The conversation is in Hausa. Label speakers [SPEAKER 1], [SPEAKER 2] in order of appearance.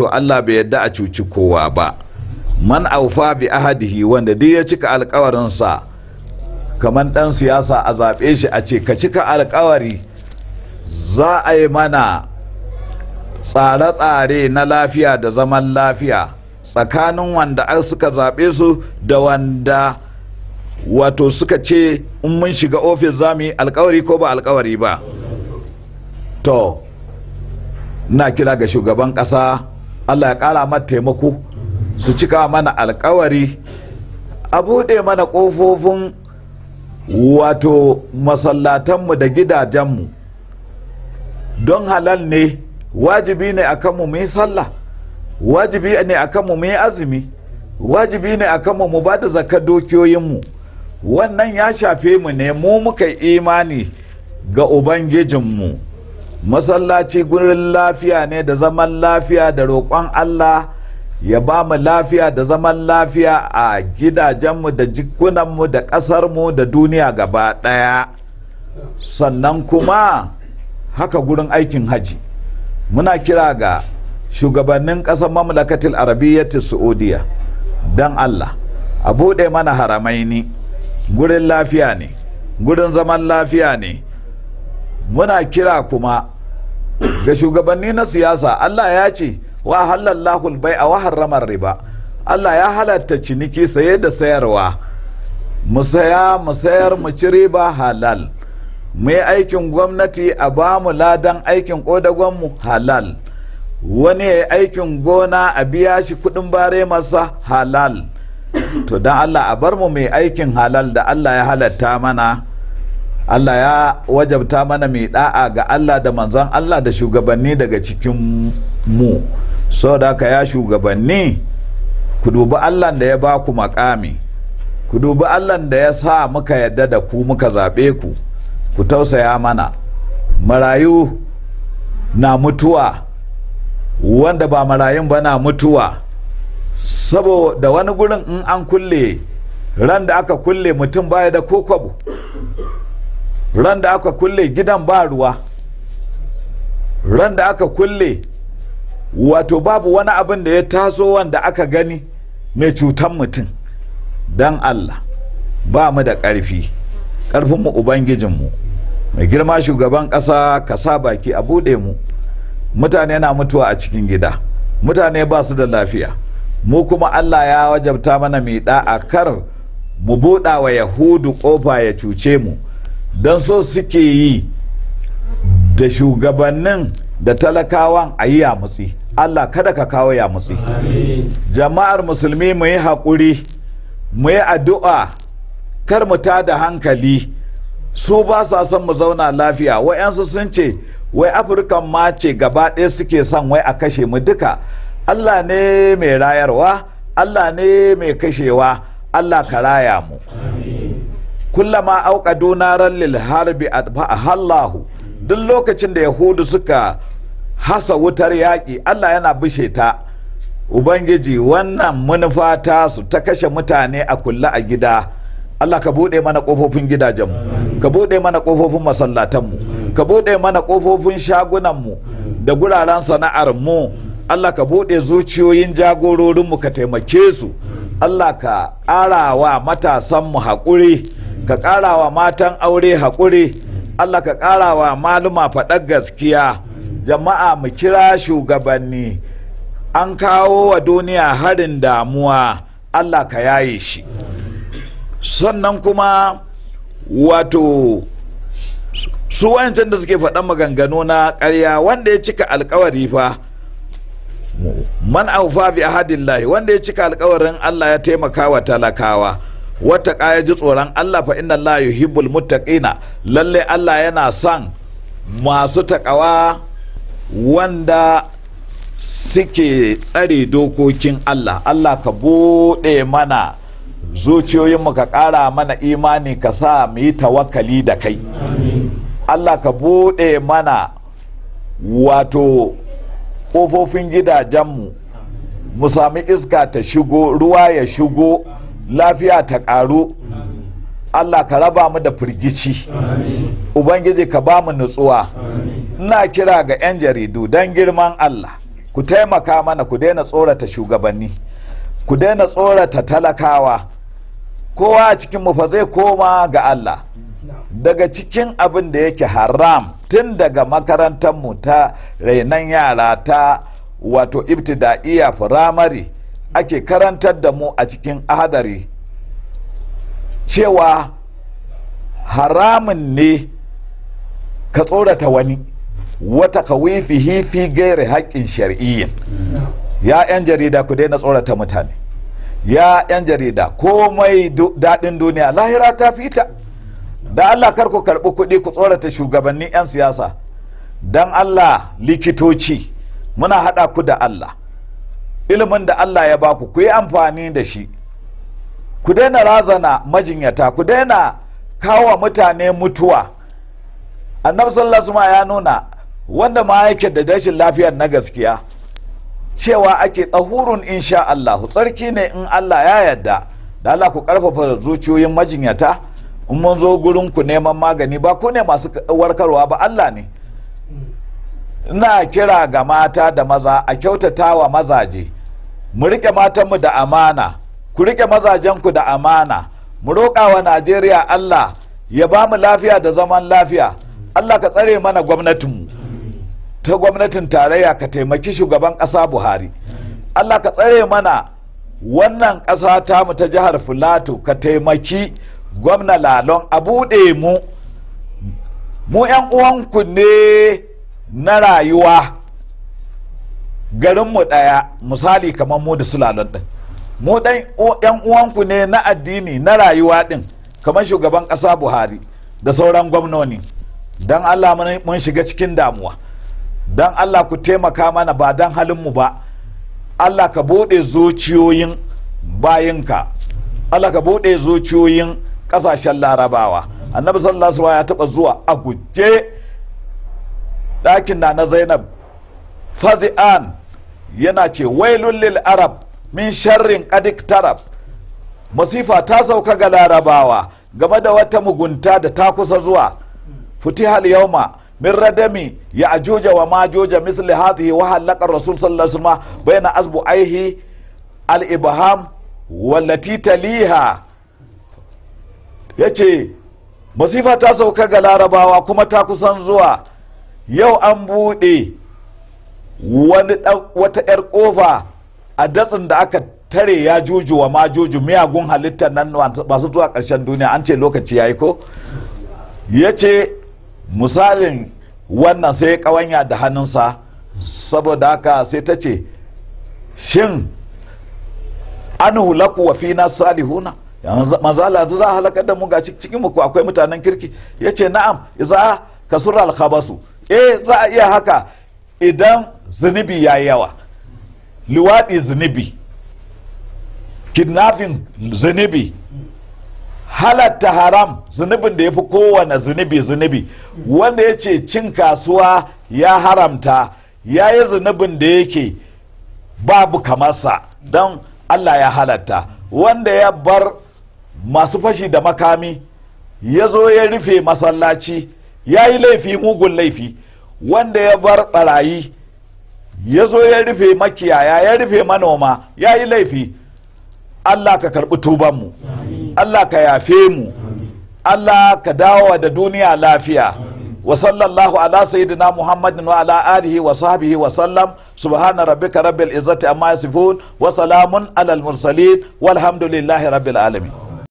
[SPEAKER 1] to Allah bai yadda a cuci kowa ba man aufa bi ahadihi wanda duk ya cika alkawarinsa kamar dan siyasa a zaɓe shi a ce ka cika alkawari za a yi mana tsare-tsare na lafiya da zaman lafiya tsakanin wanda suka zaɓe su da wanda wato suka ce in mun shiga ofis za mu yi alkawari ko ba alkawari ba to na kira ga shugaban ƙasa Allah ya ƙara mata taimako su cika mana alkawari a buɗe mana ƙofofin wato masallatanmu da gidajenmu don halal ne wajibi ne a kanmu mu yi sallah wajibi ne a kanmu mu yi azumi wajibi ne a kanmu mu ba da zaka dokiyoyinmu wannan ya shafe mu ne mu muka imani ga ubangijinmu masallaci gurin lafiya ne da zaman lafiya da roƙon allah ya ba mu lafiya da zaman lafiya a gidajenmu da jikunanmu da ƙasarmu da duniya gaba ɗaya sannan kuma haka gurin aikin haji muna kira ga shugabannin ƙasar mamlakatil arabiyyati saudiya don allah a buɗe mana haramaini gurin lafiya ne gurin zaman lafiya ne muna kira kuma ga shugabanni na siyasa Allah ya ce wa halallahu bai a wa riba Allah ya halatta ciniki saye da sayarwa mu saya mu sayar mu ci riba halal mu yi aikin gwamnati a ba mu ladan aikin mu halal wani ya yi aikin gona a biya shi kudin bare masa halal to don Allah a bar mu mai aikin halal da Allah ya halatta mana Allah ya wajabta mana mai da'a ga Allah da manzan Allah da shugabanni daga cikin mu saboda haka ya shugabanni ku dubi Allah da ya ba ku makami ku dubi Allah da ya sa muka yadda da ku muka zaɓe ku ku tausaya mana marayu na mutuwa wanda ba marayun ba na mutuwa saboda wani gurin in an kulle ran da aka kulle mutum baya da kokwabo ran da aka kulle gidan ba ruwa ran da aka kulle wato babu wani abin da ya taso wanda aka gani mai cutan mutum don allah ba mu da ƙarfi ƙarfinmu ubangijinmu mai girma shugaban ƙasa ka sa baki a buɗe mu mutane na mutuwa a cikin gida mutane ba su da lafiya mu kuma allah ya wajabta mana mai da'a kar mu buɗa wa yahudu ƙofa ya cuce mu don so suke yi da shugabannin da talakawan a yi yamutsi allah kada ka kawo yamutsi jama'ar musulmi mu yi haƙuri mu yi addu'a kar mu ta da hankali su ba sa son mu zauna lafiya wa'yansu sun ce wai afirka ma ce gaba ɗaya suke son wai a kashe mu duka allah ne mai rayarwa allah ne mai kashewa allah ka raya mu kullama auqadu naran lil harbi hallahu. duk lokacin da yahudu suka hasa wutar yaƙi Allah yana bushe ta ubangiji wannan manufa ta su ta kashe mutane a kulla a gida Allah ka buɗe mana ƙofofin gidajenmu ka buɗe mana ƙofofin masallatanmu ka buɗe mana ƙofofin shagunanmu da guraren sana'armu Allah ka buɗe zuciyoyin jagororinmu ka taimake su Allah ka ƙara wa matasanmu haƙuri ka ƙarawa matan aure haƙuri allah ka ƙara wa maluma faɗar gaskiya jama'a mu kira shugabanni an kawo wa duniya harin damuwa allah ka yaye shi sannan kuma wato su wancan da suke faɗan maganganu na ƙarya wanda ya cika alkawari fa man aufa bi ahadillahi wanda ya cika alkawarin Allah ya taimaka wa talakawa wata ya ji tsoron Allah fa inna Allah yuhibbul muttaqina lalle Allah yana son masu taƙawa wanda suke tsare dokokin Allah Allah ka buɗe mana zuciyoyinmu ka ƙara mana imani ka sa mu yi tawakkali da kai Allah ka buɗe mana wato ƙofofin gidajenmu mu sami iska ta shigo ruwa ya shigo lafiya ta ƙaru Allah ka raba mu da firgici Ubangiji ka ba mu nutsuwa ina kira ga 'yan jaridu don girman Allah ku taimaka mana ku daina tsorata shugabanni ku daina tsorata talakawa kowa a cikin mu fa zai koma ga Allah daga cikin abin da yake haram tun daga makarantar mu ta rainan yara ta wato ibtida'iya firamare ake karantar da mu a cikin ahadari cewa haramun ne ka tsorata wani wata kawifi hifi gairi haƙƙin shari'iyyin ya 'yan jarida ku daina tsorata mutane ya 'yan jarida komai daɗin duniya lahira ta fita da allah kar ku karɓi kuɗi ku tsorata shugabannin 'yan siyasa don allah likitoci muna haɗa ku da allah ilimin da Allah ya baku ku yi amfani da shi ku daina razana majinyata ku daina kawo mutane mutuwa annabi sallallahu alaihi ya nuna wanda ma yake da rashin lafiya na gaskiya cewa ake tsahurun insha Allah tsarki ne in Allah ya yarda da Allah ku karfafa zuciyoyin majinyata in mun zo gurin ku neman magani ba ku ne masu warkarwa ba Allah ne ina kira ga mata da maza a kyautata wa mazaje mu riƙe matanmu da amana ku riƙe mazajenku da amana mu roƙa wa najeriya allah ya ba mu lafiya da zaman lafiya allah ka tsare mana gwamnatinmu ta gwamnatin tarayya ka taimaki shugaban ƙasa buhari allah ka tsare mana wannan ƙasa ta mu ta jihar filato ka taimaki gwamna lalon a buɗe mu mu 'yan uwanku ne na rayuwa garinmu ɗaya misali kamar mu da sulalon ɗin mu ɗan yan uwanku ne na addini na rayuwa ɗin kamar shugaban ƙasa buhari da sauran gwamnoni don allah mun shiga cikin damuwa don allah ku taimaka mana ba don mu ba allah ka buɗe zuciyoyin bayinka allah ka buɗe zuciyoyin ƙasashen larabawa annabi sallallahu alaihi ya taɓa zuwa a guje ɗakin na na zainab fazi'an yana ce wailun lil arab min sharrin kadik tarab masifa ta sauka ga larabawa game da wata mugunta da ta kusa zuwa futihal yauma min radami ya ajuja wa majuja misli hadhihi wa halaka rasul sallallahu alaihi wasallam azbu aihi al ibham wallati taliha yace masifa ta sauka ga larabawa kuma ta kusan zuwa yau an bude. wani wata 'yar kofa a datsin da aka tare ya juju wa ma miyagun halitta nan masu zuwa ƙarshen duniya an ce lokaci ya yi ko ya ce misalin wannan sai ƙawanya da hannunsa saboda haka sai ta ce shin an hulaku wa fina salihuna manzala za a halakar da mu ga cikin muku akwai mutanen kirki ya ce na'am za ka sura alkhabasu eh za a iya haka idan zunubi ya yawa luwaɗi zunubi kidnapping zunubi halatta haram zunubin da ya fi kowane zunubi zunubi wanda ya ce cin kasuwa ya haramta ya yi zunubin da yake babu kamarsa don allah ya halatta wanda ya bar masu fashi da makami ya zo ya rufe masallaci ya yi laifi mugun laifi wanda ya bar barayi ya zo ya rufe makiyaya ya rufe manoma ya yi laifi allah ka karɓi tubanmu allah ka yafe mu allah ka dawo da duniya lafiya wa sallallahu ala sayyidina muhammadin wa ala alihi wa sahbihi wa sallam subhana rabbika rabbil izzati amma yasifun wa salamun alal mursalin walhamdulillahi rabbil alamin